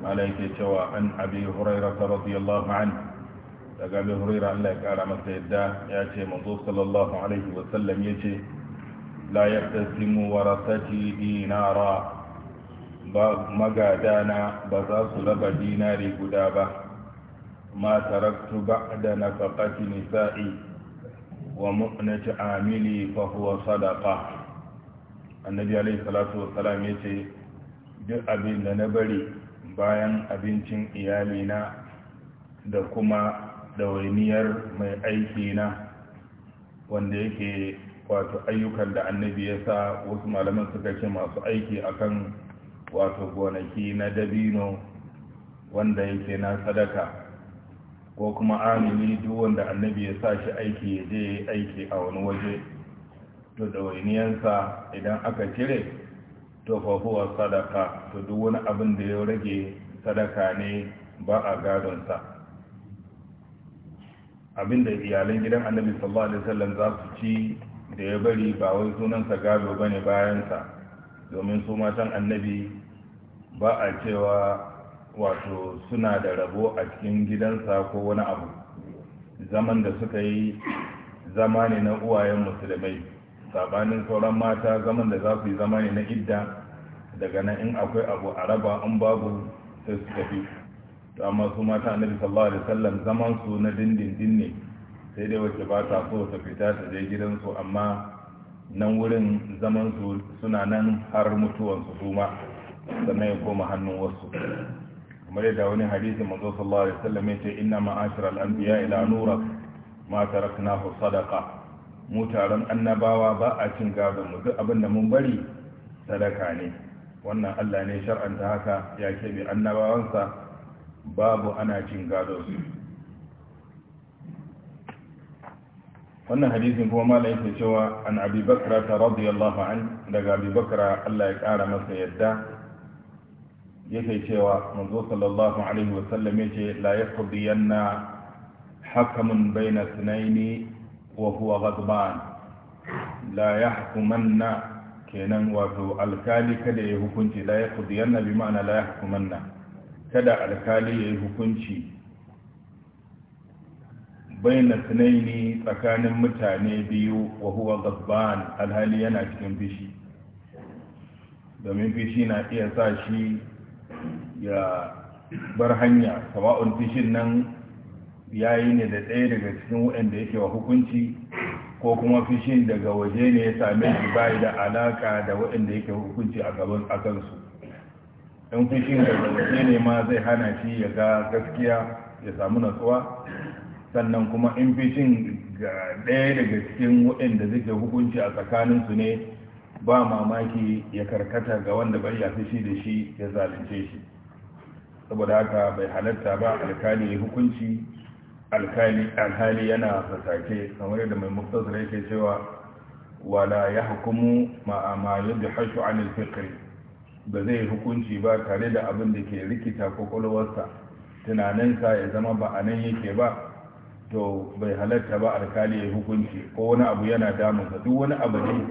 malaike cewa an abi huraira radiyallahu anhu daga abi huraira Allah ya kara masa yadda ya ce manzo sallallahu alaihi wa sallam yace la yaktasimu warasati dinara ba magadana ba za su raba dinari guda ba ma taraktu ba'da nafaqati nisa'i wa mu'nati amili fa huwa sadaqa annabi alaihi salatu wa salam yace duk abin da na bari bayan abincin iyalina da kuma ɗawainiyar mai aikina wanda yake wato ayyukan da annabi ya sa wasu malaman suka ce masu aiki akan wato gonaki na dabino wanda yake na sadaka ko kuma amini duk wanda annabi ya sa shi aiki ya je aiki a wani waje to ɗawainiyarsa idan aka cire to fa huwa sadaka to duk wani abin da ya rage sadaka ne ba a gadon sa abin da iyalan gidan annabi sallallahu alaihi wasallam za su ci da ya bari ba wai sunansa gado bane bayan sa domin su matan annabi ba a cewa wato suna da rabo a cikin gidansa ko wani abu zaman da suka yi zama ne na uwayen musulmai sabanin sauran mata zaman da za su yi zama ne na idda daga nan in akwai abu a raba an babu sai su tafi to amma su mata annabi sallallahu alaihi wasallam zaman su na dindindin ne sai dai wacce ba ta so ta fita ta je gidansu amma nan wurin zaman su suna nan har mutuwan su kuma sannan ya koma hannun wasu kamar yadda wani hadisi manzo sallallahu alaihi wasallam ya ce inna ma'ashar al-anbiya ila nura ma taraknahu sadaqa mu taron annabawa ba a cin gadon mu duk abin da mun bari sadaka ne wannan Allah ne shar'anta haka ya kebe annabawansa babu ana cin gado su wannan hadisin kuma mala yake cewa an abi bakra ta radiyallahu an daga abi bakra Allah ya kara masa yadda yake cewa manzo sallallahu alaihi wasallam yace la yaqdiyanna hakamun baina sunaini wa huwa ghadban la yahkumanna kenan wato alkali kada ya hukunci la yaqdiyanna bi ma'ana la yahkumanna kada alkali ya hukunci baina tunaini tsakanin mutane biyu wa huwa gabban alhali yana cikin fishi domin fishi na iya sa shi ya bar hanya sawa'un fishin nan ya yi ne da ɗaya daga cikin waɗanda yake wa hukunci ko kuma fishin daga waje ne ya same shi bai da alaka da waɗanda yake hukunci a gaban akan su? in fishin daga waje ne ma zai hana shi ya ga gaskiya ya samu natsuwa sannan kuma in fishin ga ɗaya daga cikin waɗanda zai hukunci a tsakaninsu ne ba mamaki ya karkata ga wanda bai ya fishi da shi ya zalunce shi saboda haka bai halatta ba alkali hukunci alhali yana fasake kamar yadda mai muktasar yake cewa wala ya hukumu ma'ama yadda hashu an alfikari ba zai hukunci ba tare da abin da ke rikita kwakwalwarsa tunaninsa ya zama ba a yake ba to bai halatta ba alkali ya hukunci ko wani abu yana damunsa duk wani abu ne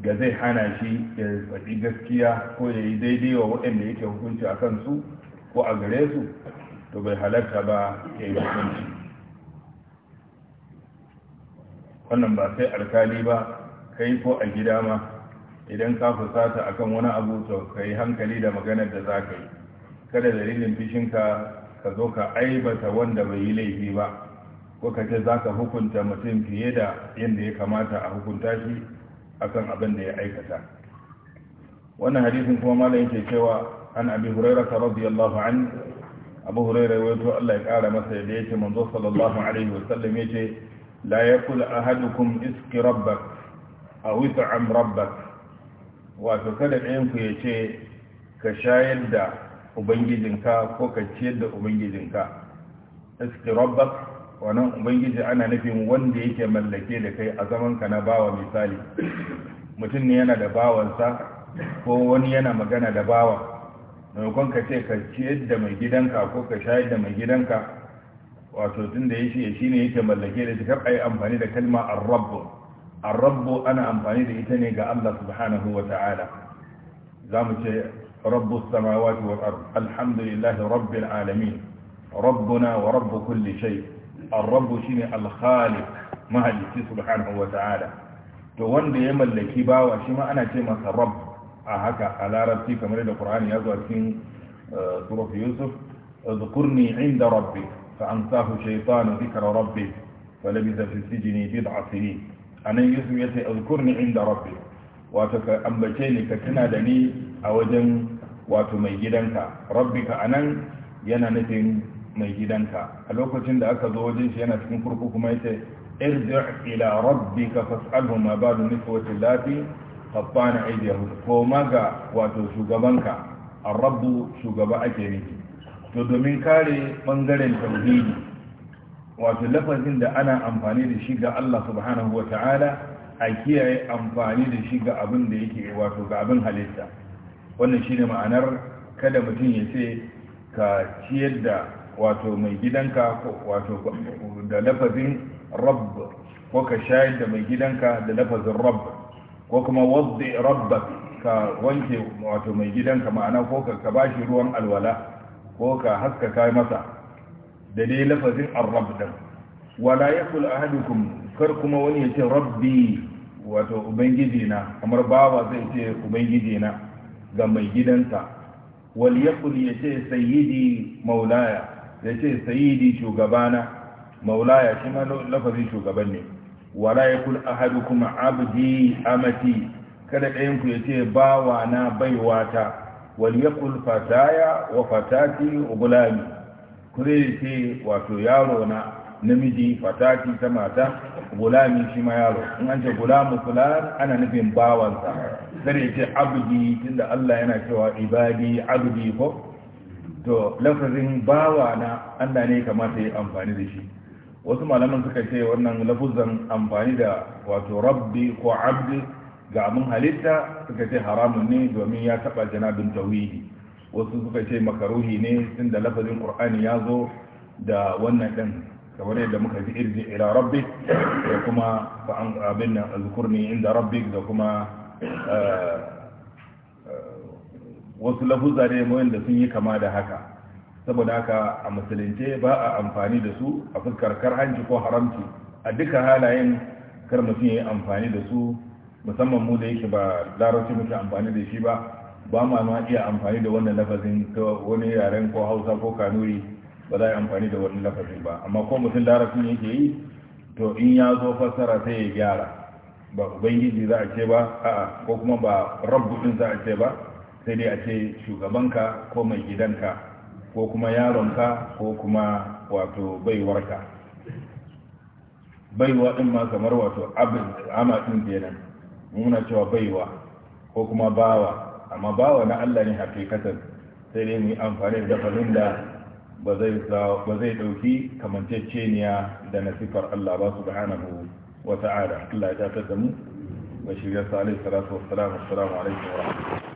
da zai hana shi ya faɗi gaskiya ko ya yi daidai wa waɗanda yake hukunci a kansu ko a gare su to bai halatta ba ya yi hukunci wannan ba sai alkali ba kai ko a gida ma idan ka fusata akan wani abu to ka hankali da maganar da za ka yi kada dalilin fishinka ka zo ka aibata wanda bai yi laifi ba ko ka ce za ka hukunta mutum fiye da yadda ya kamata a hukunta shi akan abin da ya aikata wannan hadisin kuma malam yake cewa an abi hurairah radhiyallahu an abu hurairah wato Allah ya kara masa yadda yake manzo sallallahu alaihi wasallam yace لا يقول أحدكم اسك ربك أو اطعم ربك وتكاد عينك يشي كشاير دا أبنجدنك وكشير دا أبنجدنك اسك ربك wannan ubangiji ana nufin wanda yake mallake da kai a ka na bawa misali mutum ne yana da bawansa ko wani yana magana da bawa maimakon ka ce ka ciyar da mai gidanka ko ka shayar da mai gidanka wato tun da ya ce shi ne yake mallake da ita ai amfani da kalma arrabu arrabu ana amfani da ita ne ga Allah subhanahu wa ta'ala za mu ce rabbu samawati wal ard alhamdulillah alamin rabbuna wa rabbu kulli shay arrabu shine al-khaliq mahalicci subhanahu wa ta'ala to wanda ya mallaki bawa shi ma ana ce masa rabb a haka a larabci kamar da qur'ani ya zo cikin eh, surah yusuf اذكرني عند ربك فأنساه شيطان ذكر ربه فلبث في السجن بضع سنين أنا يوسف يتي أذكرني عند ربي واتك أنبتيني كتنا دني أوجن واتميجدنك ربك أنا yana nufin mai gidanka a lokacin da aka zo wajen shi yana cikin kurku kuma yace irji' ila rabbika fas'alhu ma ba'du niswati lati wato shugabanka a rabbu shugaba ake nufi to domin kare bangaren tauhidi wato lafazin da ana amfani da shi ga Allah subhanahu wa ta'ala a kiyaye amfani da shi ga abin da yake wato ga abin halitta wannan shi ne ma'anar kada mutum ya ce ka ciyar da wato mai gidanka wato da lafazin rabb ko ka shayar da mai gidanka da lafazin rabb ko kuma wadda rabba ka wanke wato mai gidanka ma'ana ko ka bashi ruwan alwala ko ka haskaka masa da dai lafazin arab da wala yakul ahadukum kar kuma wani ya ce rabbi wato ubangiji na kamar bawa zai ce ubangiji na ga mai gidansa wal yakul ya ce sayyidi maulaya ya ce sayyidi shugabana maulaya shi ma lafazin shugaban ne wala yakul ahadukum abdi amati kada ɗayan ku ya ce bawa na baiwata waliyakul fataya wa fatati ugulami kure ce wato yaro na namiji fatati ta mata gulami shi ma yaro in an ce gulamu fulan ana nufin bawansa sai ce abdi tunda Allah yana cewa ibadi abdi ko to lafazin bawa na Allah ne kamata ya amfani da shi wasu malaman suka ce wannan lafuzan amfani da wato rabbi ko abdi ga abin halitta suka ce haramun ne domin ya taba janabin tauhidi wasu suka ce makaruhi ne tun da lafazin ƙur'ani ya zo da wannan ɗin kamar yadda muka ji irji ila rabbi da kuma fa'an abin nan zukurni inda rabbi da kuma eh, eh, wasu lafuzza ne da sun yi kama da haka saboda haka a musulunce ba a amfani da su a fuskar karhanci ko haramci a duka halayen kar mutum ya yi amfani da su musamman mu da yake ba larabci muke amfani da shi ba ba ma ma iya amfani da wannan lafazin ta wani yaren ko hausa ko kanuri ba za a yi amfani da wani lafazin ba amma ko mutum ne yake yi to in ya zo fassara sai ya gyara ba ubangiji za a ce ba a'a ko kuma ba rabbu din za a ce ba sai dai a ce shugabanka ko mai gidanka ko kuma yaronka ko kuma wato baiwarka baiwa din ma kamar wato abin amatin kenan muna cewa baiwa ko kuma bawa amma bawa na Allah ne hakikatan sai dai mu yi amfani da dafalin da ba zai ɗauki kamanceceniya da nasifar Allah ba su bahanahu wa Allah ya tatar da mu wa shirya salih salatu wa alaikum wa rahmatullahi